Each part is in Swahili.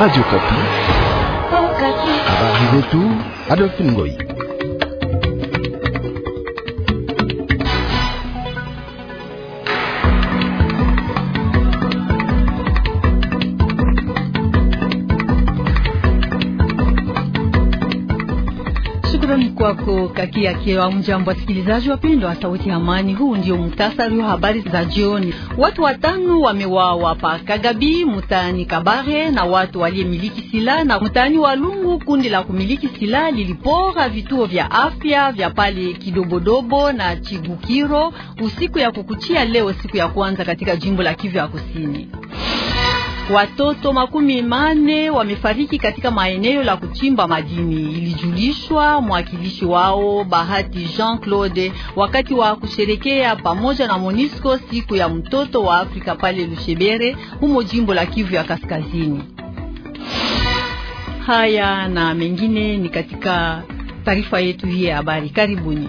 Radio oh, Kapi, habari zetu. Adolphine Ngoi kwako kakia kiewa. Mjambo wasikilizaji wapendwa, sauti ya amani. Huu ndio muktasari wa habari za jioni. Watu watano wamewawa pa Kagabi mtaani Kabare na watu waliemiliki silaha na wa lungu Kundi la kumiliki silaha lilipora vituo vya afya vya pale Kidobodobo na Chigukiro usiku ya kukuchia leo, siku ya kwanza katika jimbo la Kivu ya Kusini. Watoto makumi mane wamefariki katika maeneo la kuchimba madini, ilijulishwa mwakilishi wao Bahati Jean Claude wakati wa kusherekea pamoja na Monisco siku ya mtoto wa Afrika pale Lushebere humo jimbo la Kivu ya Kaskazini. Haya na mengine ni katika taarifa yetu hii ya habari. Karibuni.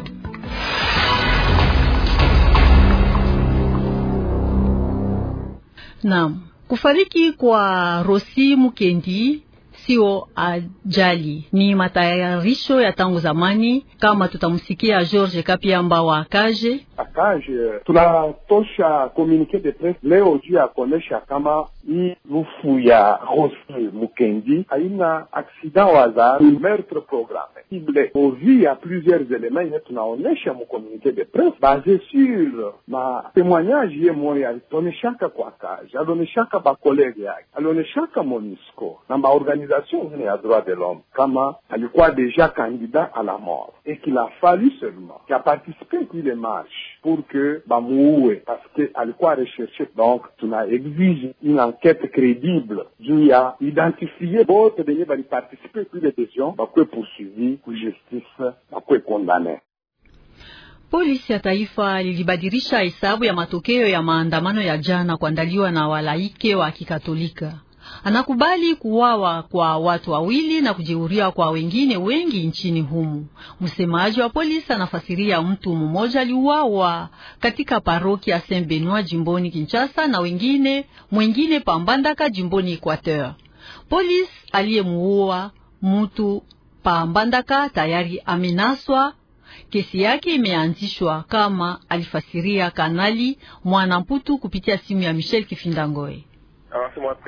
Naam. Kufariki kwa Rosi Mukendi sio ajali, ni matayarisho ya tangu zamani, kama tutamsikia George Kapiamba wa Kaje Sakaji, euh, tunatosha komunike de presse leo juu a kuonesha kama hii rufu ya Rose Mukendi haina accident wa za meurtre programme ible ovi ya plusieurs elements ile tunaonesha mukomunike de presse base sur ma témoignage ye moya alituoneshaka kwa kaji alioneshaka bakolege yake Dans ma na on est ya droit de l'homme kama alikuwa deja candidat à la mort et qu'il a fallu seulement qu'il a participé qu'il une marche pour que bamuue parce que quoi rechercher. Donc tu exigé une enquête crédible juu ya identifier bote benye baliparticipe ku ile decision, quoi bah, poursuivi ku justice, bakuwe kondane. Polisi ya taifa lilibadilisha hesabu ya matokeo ya maandamano ya jana kuandaliwa na walaike wa Kikatolika. anakubali kuwawa kwa watu wawili na kujeuriwa kwa wengine wengi nchini humu. Msemaji wa polisi anafasiria mtu mmoja aliuawa katika parokia Saint Benoit jimboni Kinshasa na wengine mwengine Pambandaka jimboni Equateur. Polisi aliyemuua mtu Pambandaka tayari amenaswa kesi yake imeanzishwa kama alifasiria Kanali Mwanamputu kupitia simu ya Michel Kifindangoe.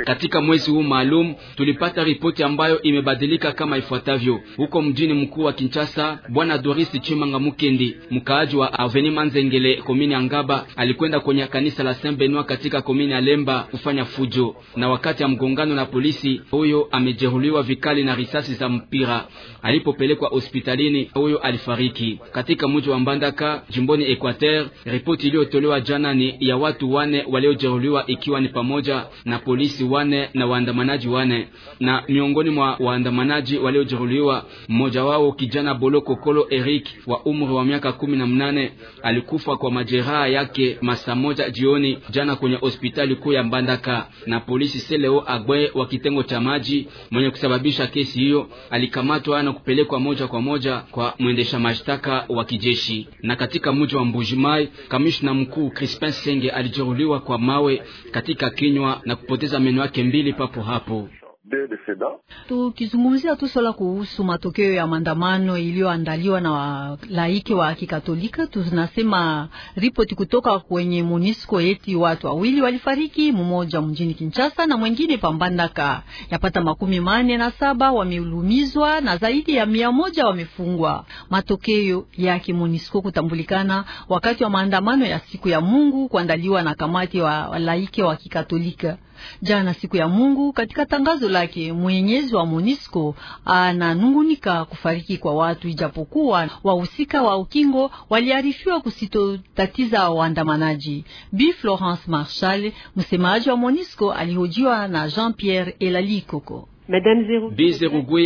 Katika mwezi huu maalum tulipata ripoti ambayo imebadilika kama ifuatavyo. Huko mjini mkuu wa Kinshasa, bwana Doris Chimanga Mukendi, mkaaji wa Avenue Manzengele, komini ya Ngaba, alikwenda kwenye kanisa la Saint Benoit katika komini ya Lemba kufanya fujo, na wakati ya mgongano na polisi, huyo amejeruhiwa vikali na risasi za mpira. Alipopelekwa hospitalini, huyo alifariki. Katika mji wa Mbandaka, jimboni Equateur, ripoti iliyotolewa jana ni ya watu wane waliojeruhiwa, ikiwa ni pamoja na polisi wane na waandamanaji wane, na miongoni mwa waandamanaji waliojeruhiwa mmoja wao kijana Bolo Kokolo Eric wa umri wa miaka kumi na mnane alikufa kwa majeraha yake masaa moja jioni jana kwenye hospitali kuu ya Mbandaka. Na polisi Seleo Agwe wa kitengo cha maji mwenye kusababisha kesi hiyo alikamatwa na kupelekwa moja kwa moja kwa mwendesha mashtaka wa kijeshi. Na katika mji wa Mbujimai, kamishna mkuu Crispin Senge alijeruhiwa kwa mawe katika kinywa na kupoteza meno yake mbili papo hapo. Tukizungumzia tu swala kuhusu matokeo ya maandamano iliyoandaliwa na laike wa Kikatolika, tunasema ripoti kutoka kwenye monisco eti watu wawili walifariki, mmoja mjini Kinshasa na mwingine Pambandaka. Yapata makumi mane na saba wameulumizwa na zaidi ya mia moja wamefungwa. Matokeo yake MONUSCO kutambulikana wakati wa maandamano ya siku ya Mungu kuandaliwa na kamati wa walaiki wa Kikatolika. Jana siku ya Mungu, katika tangazo lake, mwenyezi wa Monisco ananungunika kufariki kwa watu, ijapokuwa wahusika wa ukingo waliarifiwa kusitotatiza waandamanaji. Bi Florence Marshal, msemaji wa Monisco, alihojiwa na Jean Pierre Elali Koko. Bi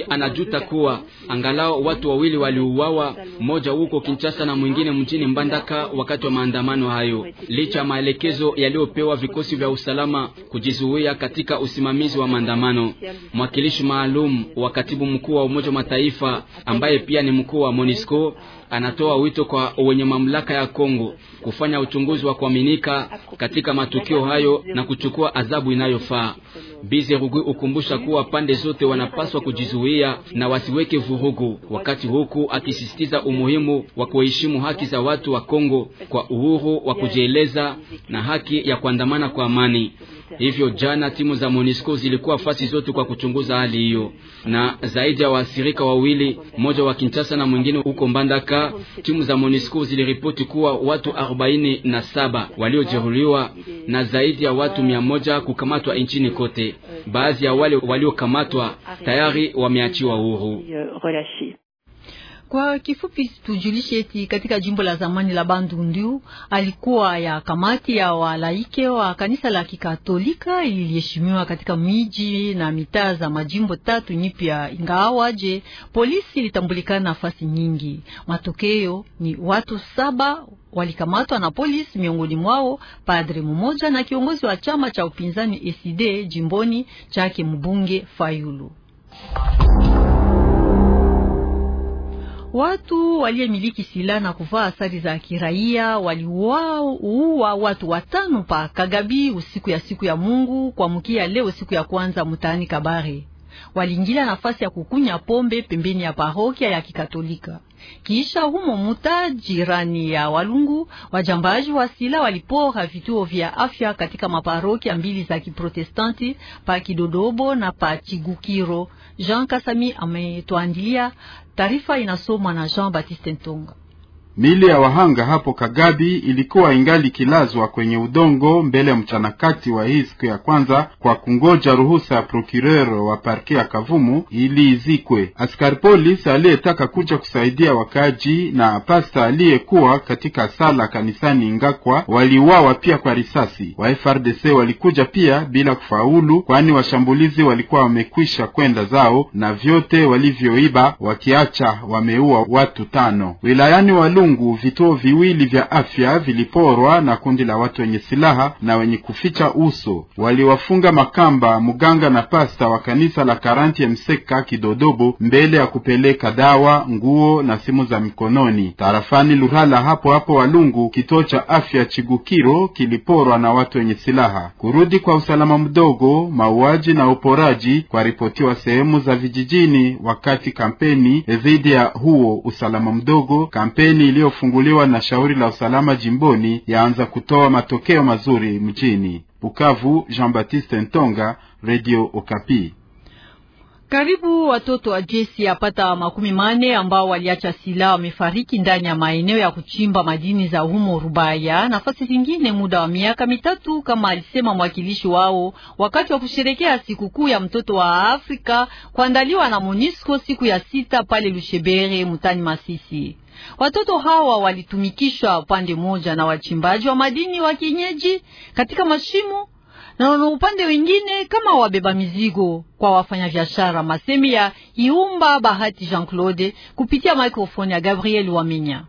anajuta kuwa angalau watu wawili waliuawa, mmoja huko Kinshasa na mwingine mjini Mbandaka wakati wa maandamano hayo, licha ya maelekezo yaliyopewa vikosi vya usalama kujizuia katika usimamizi wa maandamano. Mwakilishi maalum wa katibu mkuu wa Umoja wa Mataifa ambaye pia ni mkuu wa MONUSCO anatoa wito kwa wenye mamlaka ya Kongo kufanya uchunguzi wa kuaminika katika matukio hayo na kuchukua adhabu inayofaa. Bizerugui ukumbusha kuwa pande zote wanapaswa kujizuia na wasiweke vurugu, wakati huku akisisitiza umuhimu wa kuheshimu haki za watu wa Kongo kwa uhuru wa kujieleza na haki ya kuandamana kwa amani. Hivyo jana timu za MONUSCO zilikuwa fasi zote kwa kuchunguza hali hiyo, na zaidi ya waathirika wawili, mmoja wa Kinshasa na mwingine huko Mbandaka, timu za MONUSCO ziliripoti kuwa watu 47 waliojeruhiwa na zaidi ya watu moja kukamatwa nchini kote. Baadhi ya wale waliokamatwa tayari wameachiwa huru. Kwa kifupi tujulishe eti katika jimbo la zamani la Bandundu alikuwa ya kamati ya walaike wa kanisa la Kikatolika iliheshimiwa katika miji na mitaa za majimbo tatu nyipya, ingawaje polisi ilitambulikana nafasi nyingi. Matokeo ni watu saba walikamatwa na polisi, miongoni mwao padre mmoja na kiongozi wa chama cha upinzani ECD jimboni chake mbunge Fayulu. Watu waliyemiliki silaha na kuvaa asari za kiraia waliuwa watu watano pa Kagabi usiku ya siku ya Mungu kwa mkia leo siku ya kwanza mtaani Kabare waliingilia nafasi ya kukunya pombe pembeni ya parokia ya Kikatolika. Kisha humo muta jirani ya Walungu, wajambaji wa sila walipora vituo vya afya katika maparokia mbili za Kiprotestanti pa Kidodobo na pa Chigukiro. Jean Kasami ametuandilia taarifa, inasomwa na Jean Baptiste Ntonga. Miili ya wahanga hapo Kagabi ilikuwa ingali kilazwa kwenye udongo mbele ya mchanakati wa hii siku ya kwanza kwa kungoja ruhusa ya procureur wa parke ya Kavumu ili izikwe. Askari polisi aliyetaka kuja kusaidia wakaaji na pasta aliyekuwa katika sala kanisani Ngakwa waliuawa pia kwa risasi. Wa FRDC walikuja pia bila kufaulu, kwani washambulizi walikuwa wamekwisha kwenda zao na vyote walivyoiba wakiacha wameua watu tano wilayani Walungu. Walungu vituo viwili vya afya viliporwa na kundi la watu wenye silaha na wenye kuficha uso. Waliwafunga makamba mganga na pasta wa kanisa la Karanti Mseka Kidodobo mbele ya kupeleka dawa, nguo na simu za mikononi. Tarafani Luhala hapo hapo Walungu kituo cha afya Chigukiro kiliporwa na watu wenye silaha. Kurudi kwa usalama mdogo, mauaji na uporaji kwa ripotiwa sehemu za vijijini wakati kampeni dhidi ya huo usalama mdogo kampeni iliyofunguliwa na shauri la usalama jimboni yaanza kutoa matokeo mazuri mjini Bukavu. Jean-Baptiste Ntonga, Radio Okapi. Karibu watoto wa jesi apata makumi mane ambao waliacha silaha wamefariki ndani ya maeneo ya kuchimba madini za humo Rubaya nafasi zingine muda wa miaka mitatu, kama alisema mwakilishi wao wakati wa kusherekea sikukuu ya mtoto wa Afrika kuandaliwa na Monisco siku ya sita pale Lushebere mutani Masisi. Watoto hawa walitumikishwa upande mmoja na wachimbaji wa madini wa kienyeji katika mashimo na na upande wengine kama wabeba mizigo kwa wafanyabiashara. Masemi ya Iumba Bahati Jean Claude kupitia mikrofoni ya Gabriel Wamenya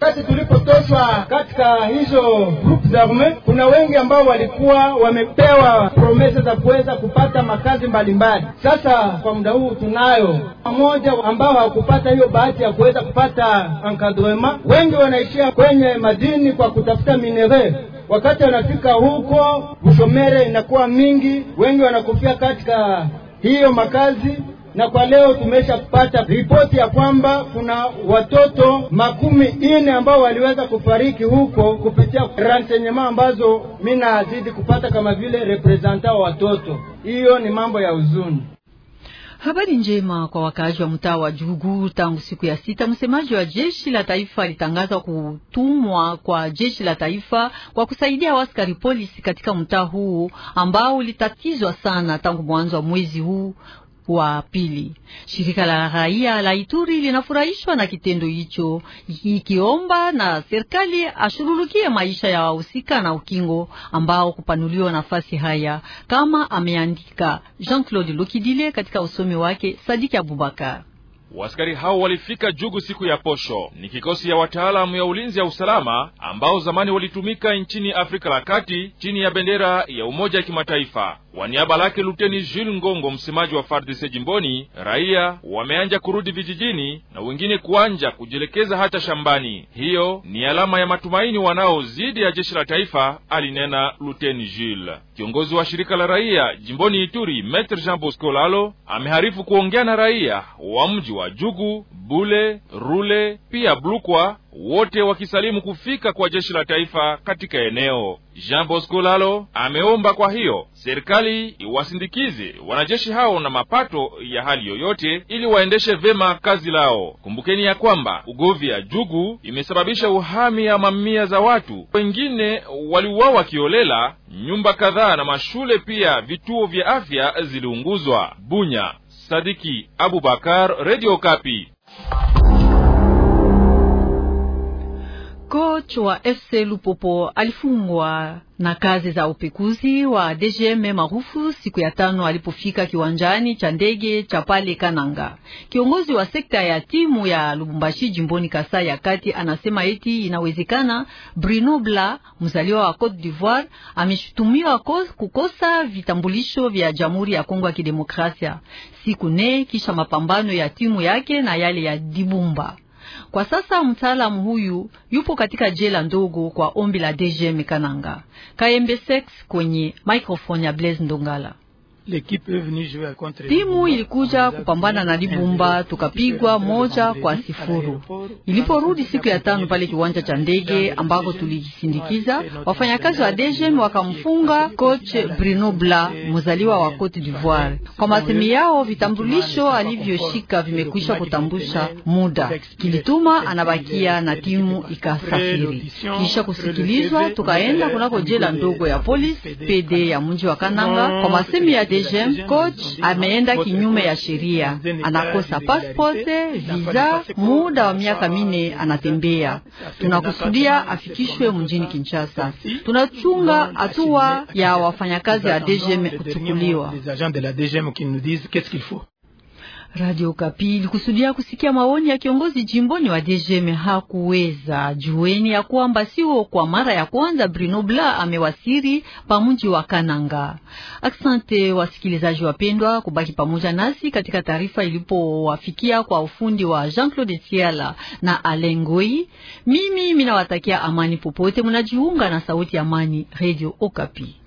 kati tulipotoshwa katika hizo group za arme, kuna wengi ambao walikuwa wamepewa promesa za kuweza kupata makazi mbalimbali mbali. Sasa kwa muda huu tunayo mmoja ambao hawakupata hiyo bahati ya kuweza kupata encadrement, wengi wanaishia kwenye madini kwa kutafuta minere wakati wanafika huko, ushomere inakuwa mingi, wengi wanakufia katika hiyo makazi na kwa leo tumeshapata ripoti ya kwamba kuna watoto makumi nne ambao waliweza kufariki huko kupitia renseignement ambazo mi nazidi kupata kama vile representa wa watoto. Hiyo ni mambo ya huzuni. Habari njema kwa wakaaji wa mtaa wa Jugu. Tangu siku ya sita, msemaji wa jeshi la taifa alitangaza kutumwa kwa jeshi la taifa kwa kusaidia waskari polisi katika mtaa huu ambao ulitatizwa sana tangu mwanzo wa mwezi huu wa pili. Shirika la raia la Ituri linafurahishwa na kitendo hicho, ikiomba na serikali ashurulukie maisha ya wahusika na ukingo ambao kupanuliwa nafasi haya, kama ameandika Jean-Claude lukidile katika usomi wake Sadiki Abubakar. Waskari hao walifika Jugu siku ya posho. Ni kikosi ya wataalamu ya ulinzi ya usalama ambao zamani walitumika nchini Afrika la Kati chini ya bendera ya umoja ya kimataifa. Kwa niaba lake Luteni Jules Ngongo, msemaji wa FARDC jimboni, raia wameanja kurudi vijijini na wengine kuanja kujielekeza hata shambani. Hiyo ni alama ya matumaini wanao zidi ya jeshi la taifa, alinena Luteni Jules. Kiongozi wa shirika la raia jimboni Ituri, Maitre Jean Bosco Lalo, ameharifu kuongea na raia wa mji wa Jugu, Bule, Rule pia Blukwa wote wakisalimu kufika kwa jeshi la taifa katika eneo. Jean Bosco Lalo ameomba kwa hiyo serikali iwasindikize wanajeshi hao na mapato ya hali yoyote, ili waendeshe vema kazi lao. Kumbukeni ya kwamba ugovi ya jugu imesababisha uhami ya mamia za watu, wengine waliuawa kiolela, nyumba kadhaa na mashule pia vituo vya afya ziliunguzwa. Bunya, Sadiki Abubakar, Radio Kapi. kocha wa FC Lupopo alifungwa na kazi za upekuzi wa DGM marufu siku ya tano alipofika kiwanjani cha ndege cha pale Kananga. Kiongozi wa sekta ya timu ya Lubumbashi jimboni Kasai ya Kati anasema eti inawezekana Bruno Bla, mzaliwa wa Cote d'Ivoire, ameshutumiwa kukosa vitambulisho vya Jamhuri ya Kongo ya Kidemokrasia siku ne kisha mapambano ya timu yake na yale ya Dibumba. Kwa sasa mtaalamu huyu yupo katika jela ndogo kwa ombi la DGM Kananga. Kayembe Sex kwenye microphone ya Blaise Ndongala. Timu ilikuja kupambana na Libumba tukapigwa moja kwa sifuru. Iliporudi siku ya tano pale kiwanja cha ndege ambako tulijisindikiza, wafanyakazi wa DGM wakamfunga coach Bruno Bla, mzaliwa wa Cote d'Ivoire. Kwa masemi yao, vitambulisho alivyoshika vimekwisha kutambusha muda, kilituma anabakia na timu ikasafiri. Kisha kusikilizwa, tukaenda kunako jela ndogo ya polisi PD ya mji wa Kananga kwa masemi ya DGM coach ameenda kinyume ya sheria, anakosa passport, visa, muda wa miaka mine anatembea. Tunakusudia afikishwe mjini Kinshasa. Tunachunga hatua ya wafanyakazi wa DGM kuchukuliwa. Radio Kapi ilikusudia kusikia maoni ya kiongozi jimboni wa DGM hakuweza. Jueni ya kwamba sio kwa mara ya kwanza Bruno Bla amewasiri pamuji wa Kananga. Aksante wasikilizaji wapendwa, kubaki pamoja nasi katika taarifa ilipowafikia kwa ufundi wa Jean-Claude Tiala na Alengoi. Mimi minawatakia amani popote munajiunga na sauti ya amani Radio Okapi.